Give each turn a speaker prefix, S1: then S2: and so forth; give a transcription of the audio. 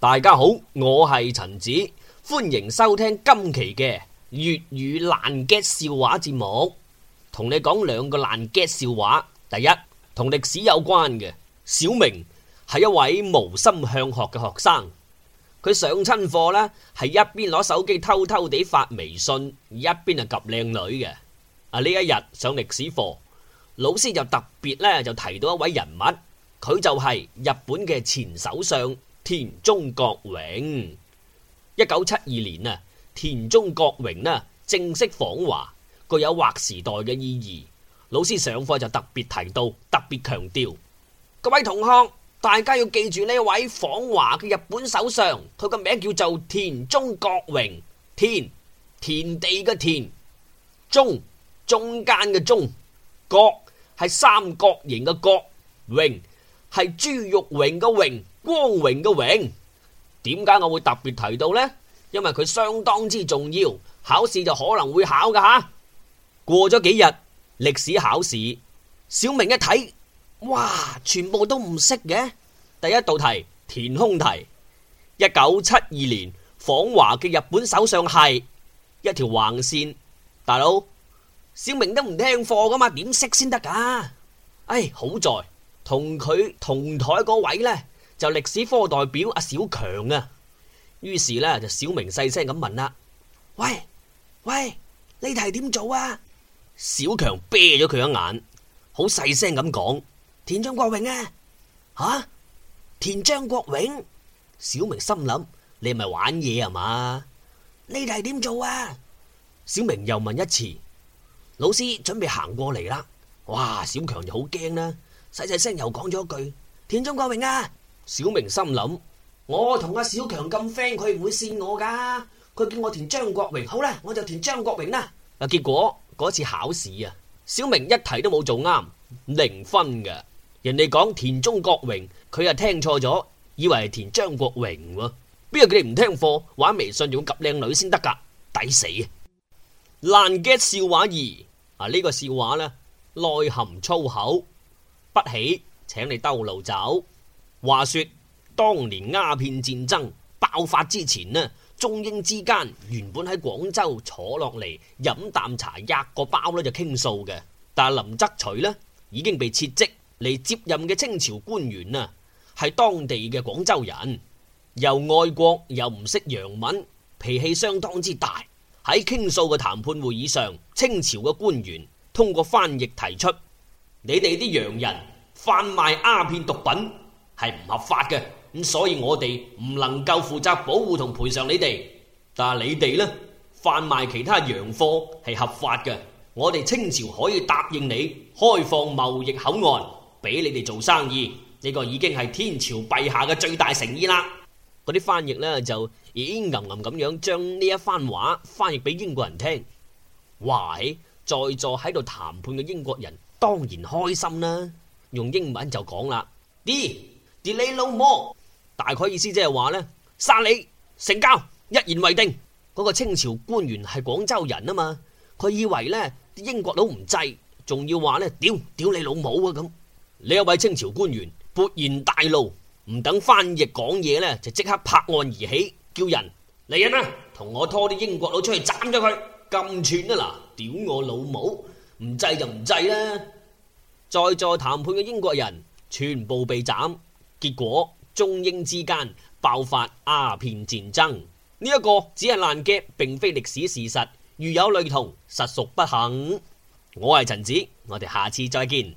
S1: 大家好，我係陳子，歡迎收聽今期嘅粵語爛 gag 笑話節目，同你講兩個爛 gag 笑話。第一，同歷史有關嘅，小明係一位無心向學嘅學生，佢上親課呢，係一邊攞手機偷偷地發微信，一邊係及靚女嘅。啊，呢一日上歷史課，老師就特別呢，就提到一位人物，佢就係日本嘅前首相。田中角榮一九七二年啊，田中角榮呢正式訪華，具有劃時代嘅意義。老師上課就特別提到，特別強調各位同學，大家要記住呢位訪華嘅日本首相，佢個名叫做田中角榮。田田地嘅田，中中間嘅中，角係三角形嘅角，榮係豬肉榮嘅榮。光榮嘅榮，點解我會特別提到呢？因為佢相當之重要，考試就可能會考噶吓。過咗幾日，歷史考試，小明一睇，哇，全部都唔識嘅。第一道題填空題，一九七二年訪華嘅日本首相係一條橫線，大佬，小明都唔聽課噶嘛，點識先得噶？唉、哎，好在同佢同台嗰位呢。就歷史科代表阿小強啊，於是咧就小明細聲咁問啦：喂喂，呢題點做啊？小強啤咗佢一眼，好細聲咁講：田中國榮啊，吓，田中國榮。小明心諗：你咪玩嘢啊嘛？呢題點做啊？小明又問一次。老師準備行過嚟啦，哇！小強就好驚啦，細細聲又講咗一句：田中國榮啊！小明心諗：我同阿小強咁 friend，佢唔會扇我噶。佢叫我填張國榮，好啦，我就填張國榮啦。啊，結果嗰次考試啊，小明一題都冇做啱，零分噶。人哋講田中國榮，佢又聽錯咗，以為係填張國榮喎。邊個叫你唔聽課，玩微信仲要夾靚女先得噶？抵死！爛 gag 笑話二啊，呢個笑話咧內含粗口，不喜請你兜路走。話說當年鴉片戰爭爆發之前呢，中英之間原本喺廣州坐落嚟飲啖茶，壓個包呢就傾訴嘅。但林則徐呢已經被撤職嚟接任嘅清朝官員啊，係當地嘅廣州人，又愛國又唔識洋文，脾氣相當之大。喺傾訴嘅談判會議上，清朝嘅官員通過翻譯提出，你哋啲洋人販賣鴉片毒品，係唔合法嘅，咁所以我哋唔能夠負責保護同賠償你哋。但係你哋呢，販賣其他洋貨係合法嘅，我哋清朝可以答應你開放貿易口岸，俾你哋做生意。呢、呢個已經係天朝陛下嘅最大誠意啦。嗰啲翻譯呢，就已經吟吟咁樣將呢一番話翻譯俾英國人聽。喂，在座喺度談判嘅英國人當然開心啦，用英文就講啦啲。屌你老母！Delay no more，大概意思即係話呢，殺你成交，一言為定。嗰、那個清朝官員係廣州人啊嘛，佢以為呢英國佬唔制，仲要話呢「屌屌你老母」啊咁。呢一位清朝官員勃然大怒，唔等翻譯講嘢呢，就即刻拍案而起，叫人嚟人啊，同我拖啲英國佬出去斬咗佢，咁串啊嗱，屌我老母，唔制就唔制啦！在座談判嘅英國人全部被斬。結果中英之間爆發鴉片戰爭，呢、這、一個只係爛 gag，並非歷史事實。如有雷同，實屬不幸。我係陳子，我哋下次再見。